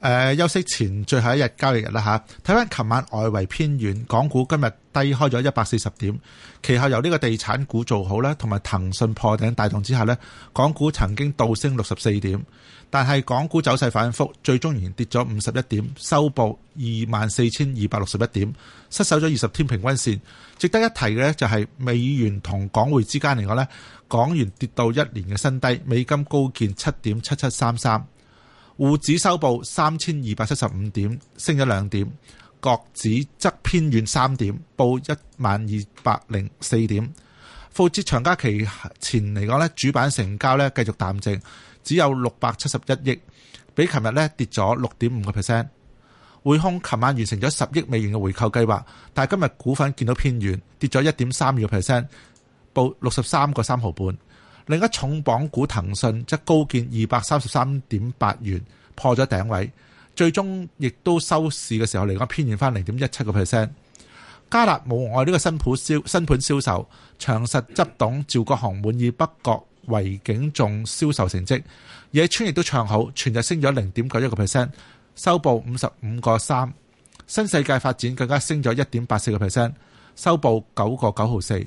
誒、呃、休息前最後一日交易日啦嚇，睇翻琴晚外圍偏軟，港股今日低開咗一百四十點，其後由呢個地產股做好啦，同埋騰訊破頂帶動之下咧，港股曾經倒升六十四點，但係港股走勢反覆，最終仍然跌咗五十一點，收報二萬四千二百六十一點，失守咗二十天平均線。值得一提嘅呢，就係美元同港匯之間嚟講呢，港元跌到一年嘅新低，美金高見七點七七三三。滬指收報三千二百七十五點，升咗兩點；國指則偏軟三點，報一萬二百零四點。復節長假期前嚟講咧，主板成交咧繼續淡靜，只有六百七十一億，比琴日咧跌咗六點五個 percent。匯控琴晚完成咗十億美元嘅回購計劃，但係今日股份見到偏軟，跌咗一點三二個 percent，報六十三個三毫半。另一重磅股騰訊則高見二百三十三點八元，破咗頂位，最終亦都收市嘅時候嚟講偏遠返零點一七個 percent。加達無外呢個新盤銷新盤銷售，長實執董趙國雄滿意北角維景仲銷售成績，野村亦都唱好，全日升咗零點九一個 percent，收報五十五個三。新世界發展更加升咗一點八四個 percent，收報九個九毫四。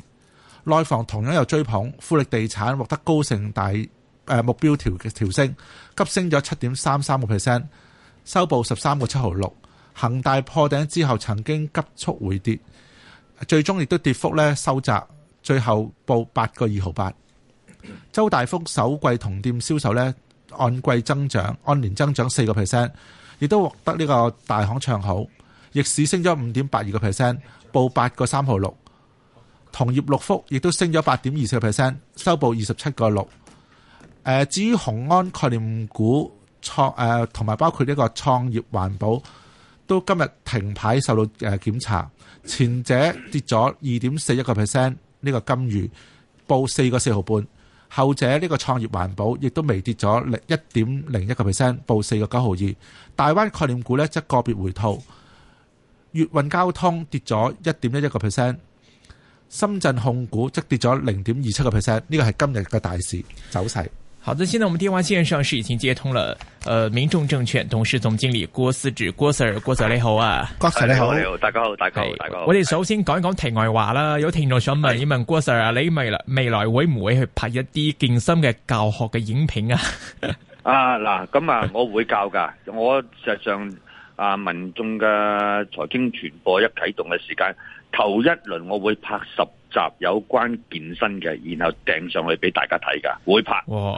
內房同樣有追捧，富力地產獲得高盛大誒目標調調升，急升咗七點三三個 percent，收報十三個七毫六。恒大破頂之後，曾經急速回跌，最終亦都跌幅咧收窄，最後報八個二毫八。周大福首季同店銷售咧按季增長、按年增長四個 percent，亦都獲得呢個大行唱好，逆市升咗五點八二個 percent，報八個三毫六。同業六福亦都升咗八點二四個 percent，收報二十七個六。誒，至於雄安概念股創誒，同、呃、埋包括呢個創業環保都今日停牌受到誒檢查。前者跌咗二點四一個 percent，呢個金隅報四個四毫半。後者呢個創業環保亦都微跌咗零一點零一個 percent，報四個九毫二。大灣概念股呢，則個別回吐，粵運交通跌咗一點一一個 percent。深圳控股即跌咗零點二七個 percent，呢個係今日嘅大市走勢。好的，現在我們電話線上是已經接通了。誒、呃，民眾證券董事總經理郭思治，郭 Sir，郭 Sir 你好啊，郭 Sir 你好，哎，大家好，大家好，大家好。我哋首先講一講題外話啦，有聽眾想問，的你問郭 Sir 啊，你未嚟未來會唔會去拍一啲健身嘅教學嘅影片啊？ 啊嗱，咁啊，我會教噶，我實上。啊！民眾嘅財經傳播一啟動嘅時間，頭一輪我會拍十集有關健身嘅，然後掟上去俾大家睇噶，會拍，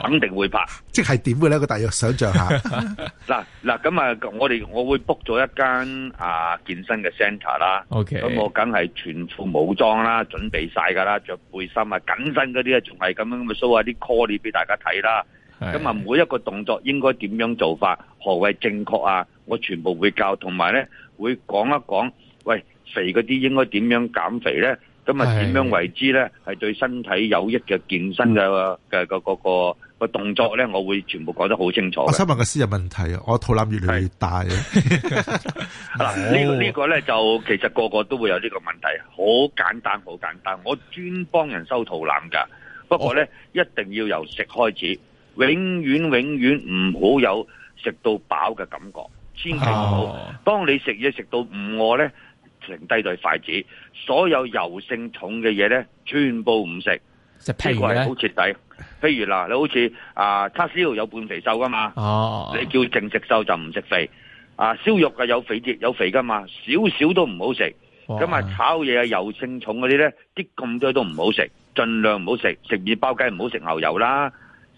肯定會拍。即係點嘅呢？個大約想象下。嗱嗱， 咁啊，我哋我會 book 咗一間啊健身嘅 centre 啦。OK，咁我梗係全副武裝啦，準備晒噶啦，着背心啊，緊身嗰啲啊，仲係咁樣咪 show 下啲 coily 俾大家睇啦。咁啊的，每一個動作應該點樣做法？何謂正確啊？我全部會教，同埋咧會講一講，喂肥嗰啲應該點樣減肥咧？咁啊點樣為之咧係是對身體有益嘅健身嘅嘅、嗯、個個個個動作咧，我會全部講得好清楚。我想問個私人問題啊，我肚腩越嚟越大啊！嗱，呢個呢個咧就其實個個都會有呢個問題，好簡單好簡單。我專幫人收肚腩㗎，不過咧、哦、一定要由食開始，永遠永遠唔好有食到飽嘅感覺。千祈唔好，哦、當你食嘢食到唔餓咧，停低對筷子。所有油性重嘅嘢咧，全部唔食。即譬如咧，好徹底。譬如嗱，你好似啊叉燒有半肥瘦噶嘛，哦、你叫淨食瘦就唔食肥。啊燒肉有肥脂有肥噶嘛，少少都唔好食。咁啊哇炒嘢啊油性重嗰啲咧，啲咁多都唔好食，盡量唔好食。食麵包雞唔好食牛油啦。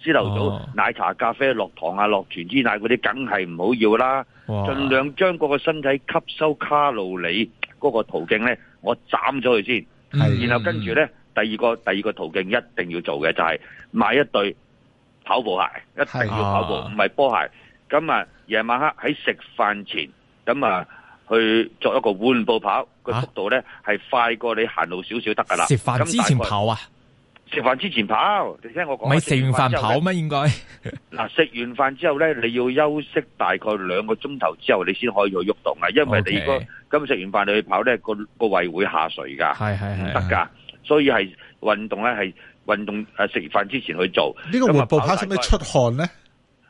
朝頭早奶茶、咖啡、落糖啊，落全脂奶嗰啲，梗係唔好要啦。盡量將嗰個身體吸收卡路里嗰個途徑咧，我斬咗佢先。然後跟住咧，第二個第二個途徑一定要做嘅就係買一對跑步鞋，一定要跑步，唔係波鞋。咁啊，夜晚黑喺食飯前，咁啊去做一個緩步跑，個速度咧係快過你行路少少得噶啦。食飯之前跑啊！食飯之前跑，你聽我講。唔係食完飯跑咩？應該嗱，食完飯之後咧， 你要休息大概兩個鐘頭之後，你先可以去運動啊。因為你如果今食 Okay. 完飯你去跑咧，那個個胃會下垂噶，係係係，唔得噶。所以係運動咧，係運動誒食完飯之前去做。呢個慢步跑使唔使出汗咧？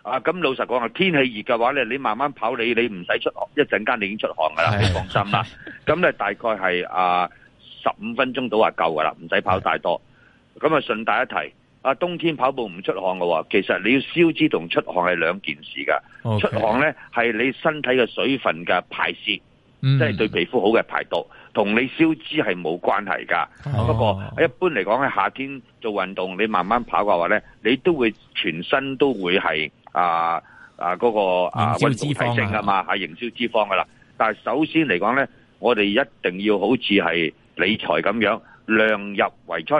啊，咁老實講啊，天氣熱嘅話咧，你慢慢跑，你你唔使出汗，一陣間你已經出汗噶啦， 你放心啦。咁咧 Okay. 大概係啊十五分鐘到話夠噶啦，唔使跑太多。 咁啊，順帶一提，啊冬天跑步唔出汗嘅喎，其實你要消脂同出汗係兩件事㗎。Okay. 出汗咧係你身體嘅水分嘅排泄，即係、mm. 對皮膚好嘅排毒，同你消脂係冇關係㗎。不過、oh. 一般嚟講，喺夏天做運動，你慢慢跑嘅話咧，你都會全身都會係啊啊嗰個啊，溫、啊、少、那個啊、脂肪啊嘛，係燃燒消脂肪㗎啦。但係首先嚟講咧，我哋一定要好似係理財咁樣，量入為出。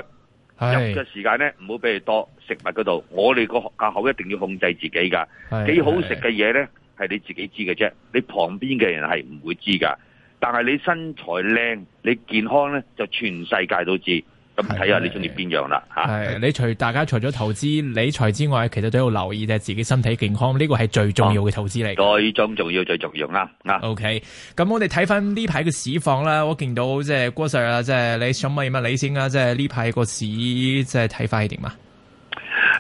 是入嘅時間咧，唔好俾佢多食物嗰度，我哋個胃口一定要控制自己噶。是幾好食嘅嘢咧，係你自己知嘅啫，你旁邊嘅人係唔會知噶。但係你身材靚，你健康咧，就全世界都知。咁睇下你中意邊樣啦吓。係，你除的大家除咗投資理財之外，其實都要留意就係自己身體健康，呢個係最重要嘅投資嚟。最重重要最重要啦。啊，OK，咁我哋睇翻呢排嘅市況啦，我見到即係郭 Sir 啦，即係你想問乜你先啦，即係呢排個市即係睇法係點呀？看看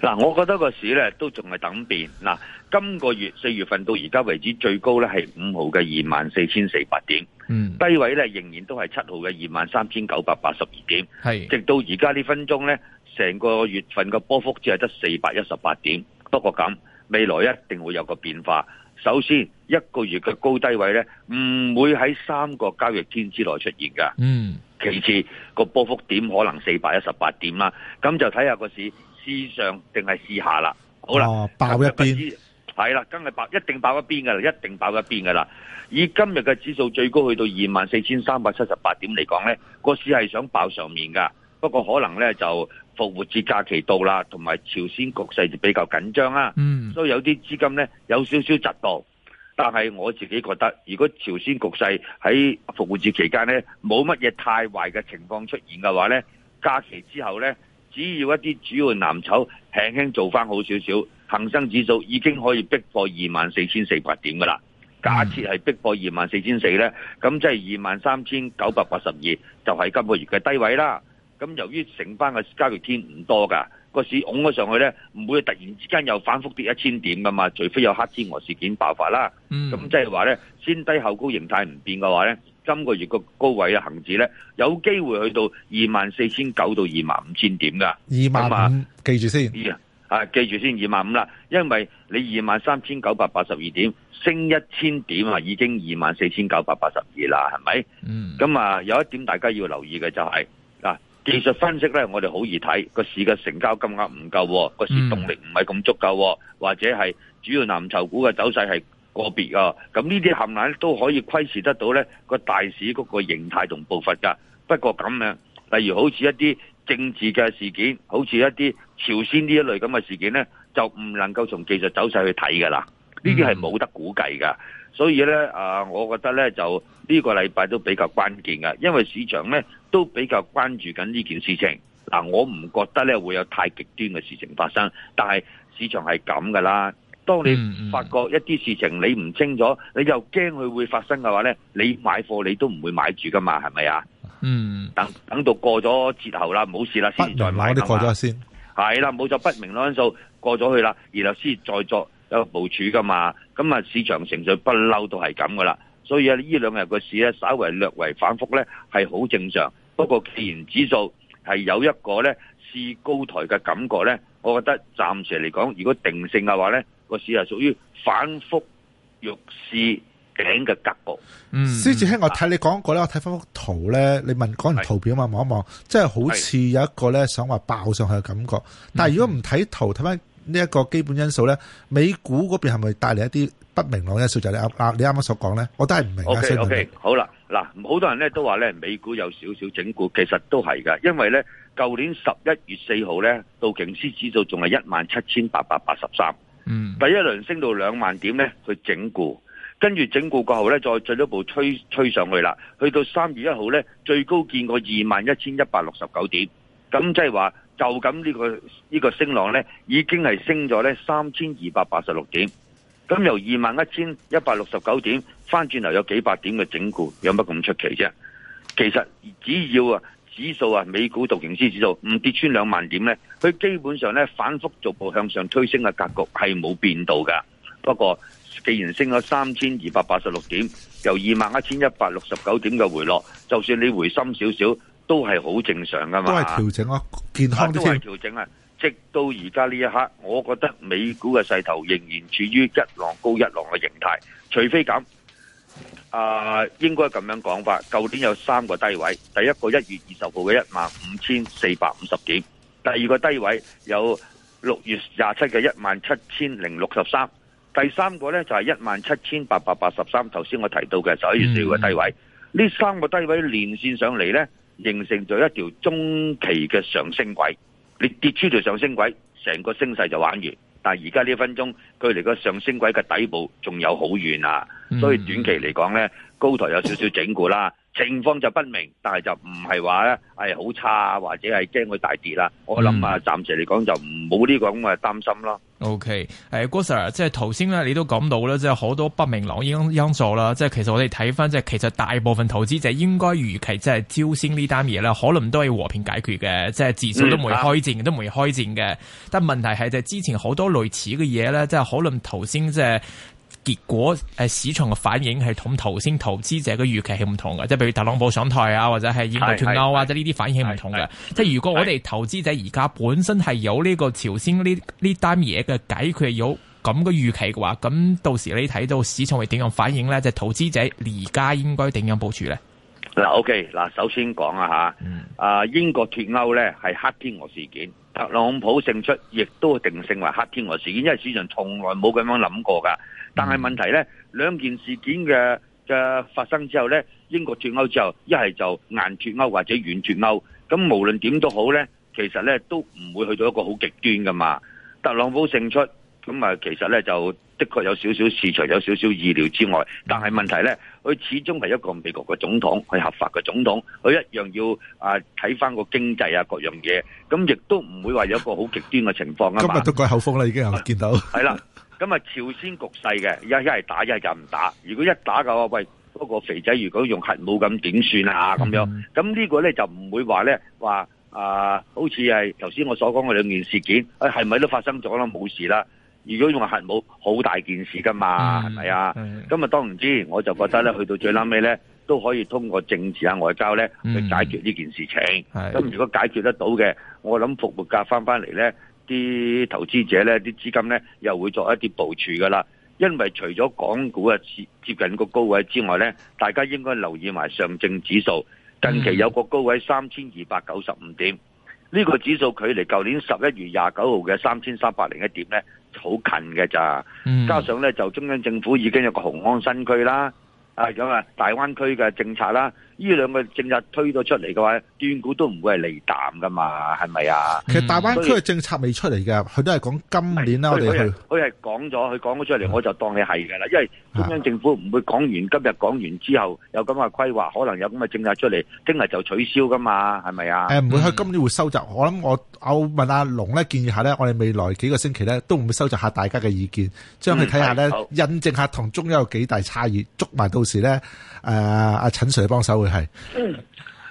嗱，我覺得個市咧都仲係等變。嗱，今個月四月份到而家為止最高咧係五號嘅二萬四千四百點，嗯，低位咧仍然都係七號嘅二萬三千九百八十二點。係是。直到而家呢分鐘咧，成個月份個波幅只係得四百一十八點。不過咁，未來一定會有個變化。首先一個月嘅高低位咧唔會喺三個交易天之內出現㗎。嗯，其次個波幅點可能四百一十八點啦。咁就睇下個市。試上定係試下啦，好啦，哦，爆一邊係啦，今日爆一定爆一邊噶啦，一定爆一邊噶啦。以今日嘅指數最高去到二萬四千三百七十八點嚟講，呢個市係想爆上面噶，不過可能呢就復活節假期到啦，同埋朝鮮局勢就比較緊張啊，嗯、所以有啲資金呢有少少窒到。但係我自己覺得，如果朝鮮局勢喺復活節期間呢冇乜嘢太壞嘅情況出現嘅話呢，假期之後呢，只要一啲主要藍籌輕輕做返好少少，恒生指數已經可以逼破二萬四千四百點噶啦。假設係逼破二萬四千四咧，咁即係二萬三千九百八十二就係今個月嘅低位啦。咁由於成班嘅交易天唔多噶，個市拱咗上去咧，唔會突然之間又反覆跌一千點噶嘛。除非有黑天鵝事件爆發啦。咁即係話咧，先低後高形態唔變嘅話咧。今個月個高位嘅恒指咧，有機會去到二萬四千九到二萬五千點噶。二萬五，記住先。啊，記住先二萬五啦。因為你二萬三千九百八十二點升一千點啊，已經二萬四千九百八十二啦，係咪？嗯。咁啊，有一點大家要留意嘅就係、是、嗱、啊，技術分析咧，我哋好易睇個市嘅成交金額唔夠，個、啊、市動力唔係咁足夠，啊、或者係主要藍籌股嘅走勢係。個別啊，咁呢啲冚唥都可以窺視得到呢個大市嗰個形態同步伐噶。不過咁樣，例如好似一啲政治嘅事件，好似一啲朝鮮呢一類咁嘅事件呢，就唔能夠從技術走勢去睇噶啦。呢啲係冇得估計噶。所以呢，啊，我覺得呢，就呢個禮拜都比較關鍵噶，因為市場呢都比較關注緊呢件事情。嗱，啊，我唔覺得呢會有太極端嘅事情發生，但係市場係咁噶啦。當你發覺一啲事情你唔清楚，你又驚佢會發生嘅話咧，你買貨你都唔會買住噶嘛，係咪啊？嗯，等等到過咗節後啦，冇事啦，不過先再買啊先係啦，冇咗不明因素過咗去啦，然後先再作一個部署噶嘛。咁啊，市場情緒不嬲都係咁噶啦。所以啊，呢兩日個市咧，稍為略為反覆咧，係好正常。不過既然指數係有一個咧試高台嘅感覺咧，我覺得暫時嚟講，如果定性嘅話咧，個市係屬於反覆欲試頂嘅格局。嗯，思治兄，我睇你講過咧，我睇翻幅圖咧，你問講完圖片啊嘛，望一望，即係是好似有一個咧想話爆上去嘅感覺。但係如果唔睇圖，睇翻呢一個基本因素咧，美股嗰邊係咪帶嚟一啲不明朗嘅因素？就係你啱啱所講咧，我都係唔明 O Okay , K okay, 好啦，嗱，好多人咧都話咧美股有少少整固，其實都係噶，因為咧舊年十一月四號咧道瓊斯指數仲係一萬七千八百八十三。嗯、第一輪升到兩萬點咧，去整固，跟住整固過後咧，再進一步吹吹上去啦，去到三月一號咧，最高見過二萬一千一百六十九點，咁即係話就咁呢、呢個呢、呢個升浪咧，已經係升咗咧三千二百八十六點，咁由二萬一千一百六十九點翻轉頭有幾百點嘅整固，有乜咁出奇啫？其實只要啊。指數啊，美股道瓊斯指數唔跌穿兩萬點咧，佢基本上咧，反覆逐步向上推升嘅格局係冇變到噶。不過，既然升咗三千二百八十六點，由二萬一千一百六十九點嘅回落，就算你回深少少都係好正常噶嘛。都係調整啊，健康都係調整啊。直到而家呢一刻，我覺得美股嘅勢頭仍然處於一浪高一浪嘅形態，除非咁。啊，應該咁樣講法。舊年有三個低位，第一個一月二十號嘅一萬五千四百五十幾，第二個低位有六月廿七嘅一萬七千零六十三，第三個呢，就係一萬七千八百八十三。頭先我提到嘅十一月四號嘅低位，呢、嗯嗯、三個低位連線上嚟呢，形成咗一條中期嘅上升軌。你跌出條上升軌，成個升勢就玩完。但而家呢一分鐘，距離個上升軌嘅底部仲有好遠啊，所以短期嚟講咧，高台有少少整固啦。情況就不明，但係就唔係話咧係好差，或者係驚會大跌啦。我諗啊，暫時嚟講就唔好呢個咁嘅擔心咯。O K，誒，郭 Sir，即係頭先咧，你都講到咧，即係好多不明朗因，因素啦。即係其實我哋睇翻，即係其實大部分投資者應該預期即係朝鮮呢單嘢咧，可能都係和平解決嘅，即係至少都唔會開戰，嗯、都唔會開戰嘅。但問題係就之前好多類似嘅嘢咧，即係可能頭先即係。結果，誒市場嘅反應係同頭先投資者嘅預期係唔同嘅，即係譬如特朗普上台啊，或者係英國脫歐啊，即係呢啲反應係唔同嘅。即係如果我哋投資者而家本身係有呢個朝鮮呢呢單嘢嘅解決，佢係有咁嘅預期嘅話，咁到時你睇到市場係點樣反應呢？就係投資者而家應該點樣部署呢？嗱，OK，嗱，首先講啊嚇，啊英國脫歐呢係黑天鵝事件，特朗普勝出亦都定性為黑天鵝事件，因為市場從來冇咁樣諗過噶。但係問題呢，兩件事件嘅嘅發生之後呢，英國脱歐之後，一係就硬脱歐或者軟脱歐，咁無論點都好呢，其實呢都唔會去到一個好極端噶嘛。特朗普勝出，咁啊其實呢就的確有少少市場有少少意料之外，但係問題呢，佢始終係一個美國嘅總統，佢合法嘅總統，佢一樣要啊睇翻個經濟啊各樣嘢，咁亦都唔會話有一個好極端嘅情況啊嘛。今日都改口風啦，已經有冇見到？係啦。咁啊，朝鮮局勢嘅，一打一係打一係就唔打。如果一打嘅話，喂，嗰、那個肥仔如果用核武咁點算啊？咁、嗯、樣，咁呢個咧就唔會話咧話啊，好似係頭先我所講嘅兩件事件，係、哎、咪都發生咗啦？冇事啦。如果用核武，好大件事噶嘛，係咪啊？咁啊嗎，的當然之，我就覺得咧，去到最撚尾咧，都可以通過政治啊、外交咧、嗯、去解決呢件事情。咁的如果解決得到嘅，我諗復活假翻翻嚟咧。啲投資者咧，啲資金咧又會作一啲部署噶啦，因為除咗港股啊接近個高位之外咧，大家應該留意埋上證指數，近期有個高位三千二百九十五點，呢個指數距離舊年十一月廿九號嘅三千三百零一點咧好近嘅咋，加上咧就中央政府已經有個雄安新區啦，啊咁啊大灣區嘅政策啦。呢兩個政策推到出嚟嘅話，端股都唔會係離淡㗎嘛，係咪啊？其實大灣區嘅政策未出嚟嘅，佢都係講今年啦。我哋佢係講咗，佢講咗出嚟，我就當你係㗎啦。因為中央政府唔會講完、嗯、今日講完之後有咁嘅規劃，可能有咁嘅政策出嚟，聽日就取消㗎嘛，係咪啊？誒、嗯，唔會佢今年會收集。我諗我我問阿龍咧，建議下咧，我哋未來幾個星期咧，都唔會收集下大家嘅意見，將佢睇下咧，嗯、印證下同中央有幾大差異，捉埋到時咧，誒阿陳 Sir 幫手。係，咁啊是、 嗯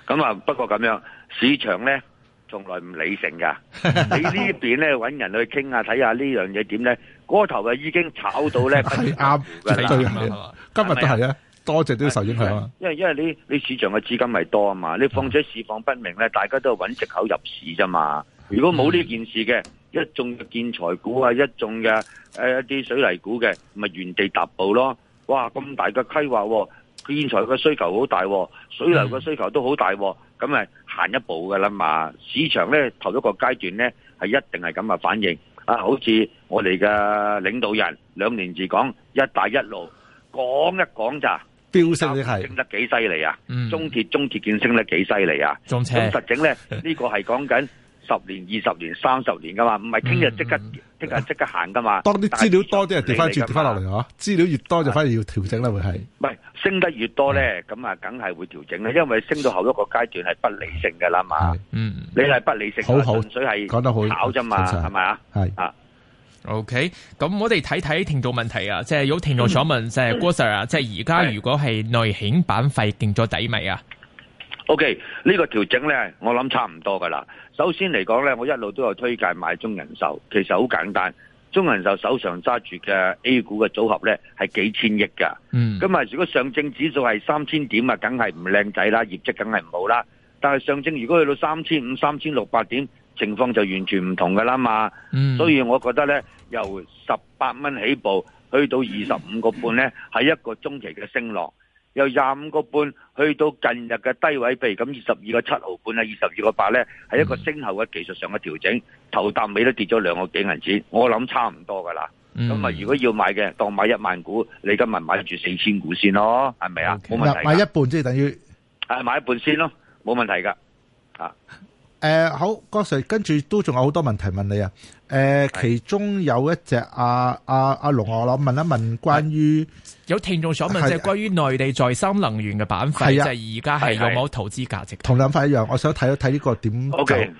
嗯，不過咁樣，市場咧從來唔理性噶。你這邊呢邊咧揾人去傾下，睇下呢樣嘢點咧，嗰頭啊已經炒到咧係啱。今日都係啊，是吧多隻都受影響啊因。因為因為你市場嘅資金係多啊嘛，你況且市況不明咧，嗯、大家都係揾藉口入市啫嘛。如果冇呢件事嘅，一眾嘅建材股啊，一眾嘅誒一啲水泥股嘅，咪原地踏步咯。哇，咁大嘅規劃喎！建材嘅需求好大，水泥嘅需求都好大，咁咪行一步嘅啦嘛。市場咧，頭一個階段咧係一定係咁嘅反應。啊，好似我哋嘅領導人兩年前講一帶一路，講一講咋，飆升亦係升得幾犀利啊、嗯中！中鐵中鐵建升得幾犀利啊！咁斜實整咧，呢、呢個係講緊。 十年、二十年、三十年噶嘛，唔係聽日即刻，即刻即刻行噶嘛。當啲資料多啲，跌翻轉，跌翻落嚟嚇。資料越多，就反而要調整啦，會係。唔係升得越多咧，咁啊，梗係會調整啦，因為升到後一個階段係不理性噶啦嘛。嗯，你係不理性，好所以係炒啫嘛，係咪啊？係啊。OK，咁我哋睇睇聽眾問題啊，即係有聽眾想問，即係郭 Sir 啊，即係而家如果係內險板塊定咗底未啊？O K。呢個調整呢，我諗差唔多㗎啦。首先嚟講呢，我一路都有推介買中人壽，其實好簡單。中人壽手上揸住嘅 A 股嘅組合呢係幾千億㗎。咁啊、嗯，如果上證指數係三千點啊，梗係唔靚仔啦，業績梗係唔好啦。但係上證如果去到三千五、三千六百點，情況就完全唔同㗎啦嘛。嗯、所以我覺得呢，由十八蚊起步去到二十五個半呢，係一個中期嘅升浪。由廿五個半去到近日嘅低位，譬如咁二十二個七毫半啊，二十二個八咧，係一個升後嘅技術上嘅調整，頭搭尾都跌咗兩個幾銀紙，我諗差唔多噶啦。咁啊、嗯，如果要買嘅，當買一萬股，你今日買住四千股先咯，係咪啊？冇 Okay, 問題，買一半即係等於，啊買一半先咯，冇問題噶，啊。誒、呃，好郭 Sir，跟住都仲有好多問題問你啊！誒、呃，其中有一隻阿阿阿龍我諗問一問關於，關於有聽眾想問，是就係關於內地再生能源嘅板塊，是啊、就係而家係有冇投資價值，啊啊？同兩塊一樣，我想睇一睇呢個點 OK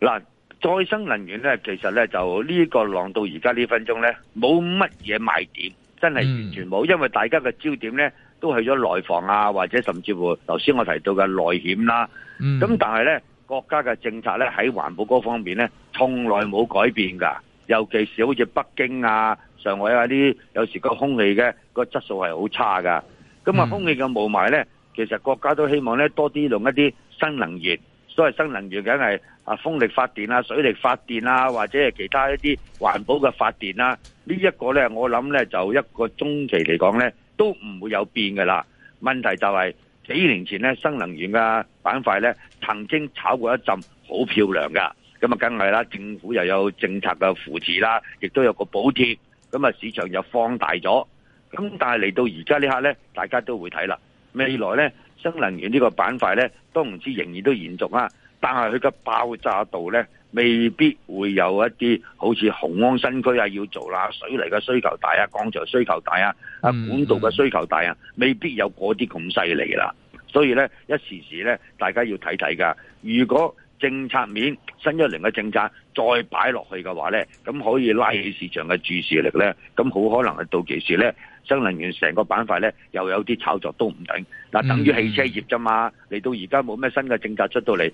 嗱再生能源咧，其實咧就呢個浪到而家呢分鐘咧，冇乜嘢賣點，真係完全冇，嗯、因為大家嘅焦點咧都去咗內房啊，或者甚至乎頭先我提到嘅內險啦，咁、嗯、但係咧。國家嘅政策咧喺環保嗰方面咧，從來冇改變噶。尤其是好似北京啊、上海啊啲，有時個空氣嘅個質素係好差噶。咁啊、嗯，空氣嘅霧霾咧，其實國家都希望咧多啲用一啲新能源。所謂新能源梗係啊，風力發電啊、水力發電啊，或者係其他一啲環保嘅發電啦、啊。這個、呢一個咧，我諗咧就一個中期嚟講咧，都唔會有變噶啦。問題就係、是。幾年前咧，新能源嘅板塊咧，曾經炒過一陣好漂亮嘅，咁啊梗係啦，政府又有政策嘅扶持啦，亦都有個補貼，咁啊市場又放大咗，咁但係嚟到而家呢刻咧，大家都會睇啦，未來咧，新能源呢個板塊咧，都唔知仍然都延續啊，但係佢嘅爆炸度咧。未必會有一啲好似雄安新區啊要做啦，水泥嘅需求大啊，鋼材需求大啊，啊管道嘅需求大啊，未必有嗰啲咁犀利啦。所以咧，一時時咧，大家要睇睇噶。如果政策面新一輪嘅政策再擺落去嘅話咧，咁可以拉起市場嘅注視力咧，咁好可能係到其時咧，新能源成個板塊咧又有啲炒作都唔定。嗱，等於汽車業咋嘛？嚟到而家冇咩新嘅政策出到嚟。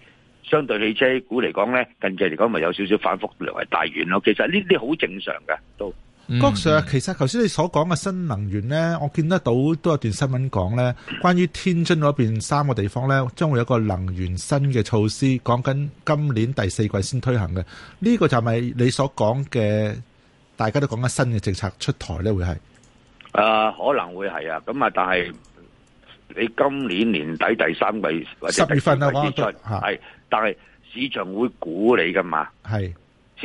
相對汽車股嚟講咧，近期嚟講咪有少少反覆量係大遠咯。其實呢啲好正常嘅。到郭 Sir，其實頭先你所講嘅新能源咧，我見得到都有一段新聞講咧，關於天津嗰邊三個地方咧，將會有一個能源新嘅措施，講緊今年第四季先推行嘅。呢個就係你所講嘅，大家都講緊新嘅政策出台咧，會係誒，可能會係啊。咁啊，但係。你今年年底第三季或者第四季十月份啊，我係是，但係市場會估你噶嘛？係是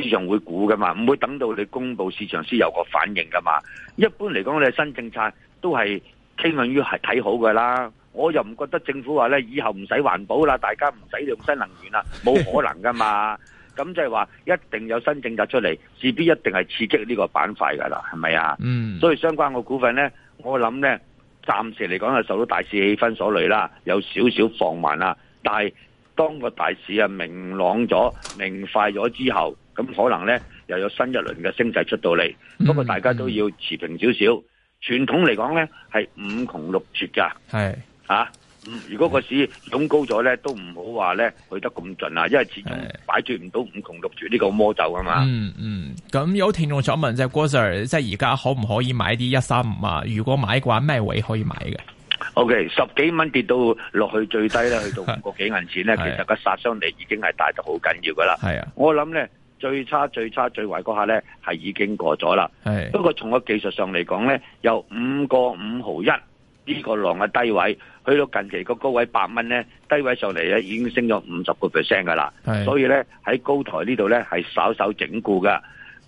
市場會估噶嘛？唔會等到你公布，市場先有個反應噶嘛？一般嚟講，你新政策都係傾向於係睇好噶啦。我又唔覺得政府話咧以後唔使環保啦，大家唔使用,用新能源啦，冇可能噶嘛？咁即係話一定有新政策出嚟，事必一定係刺激呢個板塊噶啦，係咪啊？嗯，所以相關嘅股份咧，我諗咧。暫時嚟講係受到大市氣氛所累啦，有少少放慢啦。但係當個大市啊明朗咗、明快咗之後，咁可能呢又有新一輪嘅升勢出到嚟。不過大家都要持平少少。傳統嚟講呢係五窮六絕㗎，係嚇。嗯、如果個市攏高咗咧，都唔好話咧去得咁盡啊，因為始終擺住唔到五窮六絕呢個魔咒啊嘛。嗯嗯，咁有聽眾想問即係郭 sir 即係而家可唔可以買啲一三五啊？如果買嘅話，咩位可以買嘅？O K，十幾蚊跌到落去最低咧，去到五個幾銀錢咧， 的其實個殺傷力已經係大到好緊要噶啦。係啊的，我諗咧最差最差最壞嗰下咧係已經過咗啦。係的，不過從個技術上嚟講咧，有五個五毫一。呢個浪嘅低位去到近期個高位八蚊咧，低位上嚟咧已經升咗五十個 percent 嘅啦。係，所以咧喺高台呢度咧係稍稍整固嘅。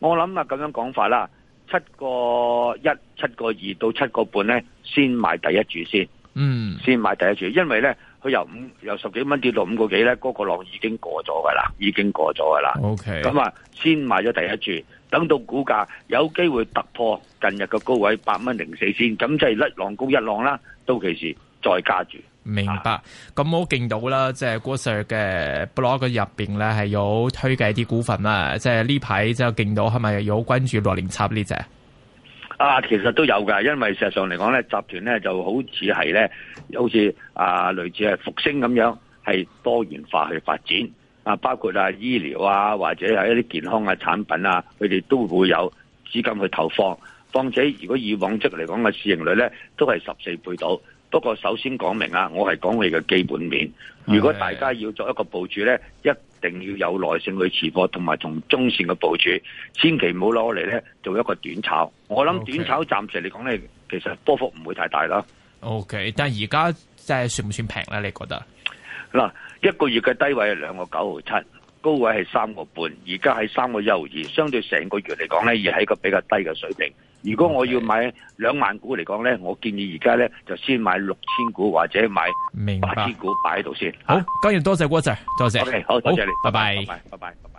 我諗啊咁樣講法啦，七個一、七個二到七個半咧，先買第一注先，嗯，先買第一注，因為咧。佢由五由十幾蚊跌到五個幾咧，嗰個浪已經過咗噶啦，已經過咗噶啦。OK，咁啊，先買咗第一注，等到股價有機會突破近日嘅高位八蚊零四先，咁即係一浪高一浪啦。到期時再加注。明白，咁好勁到啦！即係郭 Sir 嘅 blog 入邊咧，係有推介啲股份啦。即係呢排即係勁到，係咪有關注羅連插呢隻？啊，其實都有㗎，因為事實上嚟講咧，集團咧就好似係咧，好似啊類似係復星咁樣，係多元化去發展啊，包括啊醫療啊，或者係一啲健康嘅產品啊，佢哋都會有資金去投放。況且，如果以往即嚟講嘅市盈率咧，都係十四倍到。不過首先講明啊，我係講佢嘅基本面。如果大家要做一個部署呢，一定要有耐性去持貨，同埋從中線嘅部署，千祈唔好攞嚟呢做一個短炒。我諗短炒暫時嚟講呢，其實波幅唔會太大啦。OK，但係而家即係算唔算平呢？你覺得嗱？一個月嘅低位係兩個九毫七，高位係三個半，而家係三個一毫二，相對成個月嚟講呢，而係一個比較低嘅水平。如果我要買兩萬股嚟講咧，我建議而家咧就先買六千股或者買八千股擺喺度先。白好，今日多謝郭仔，多 謝 ，OK，好 多謝你，好拜拜，拜拜。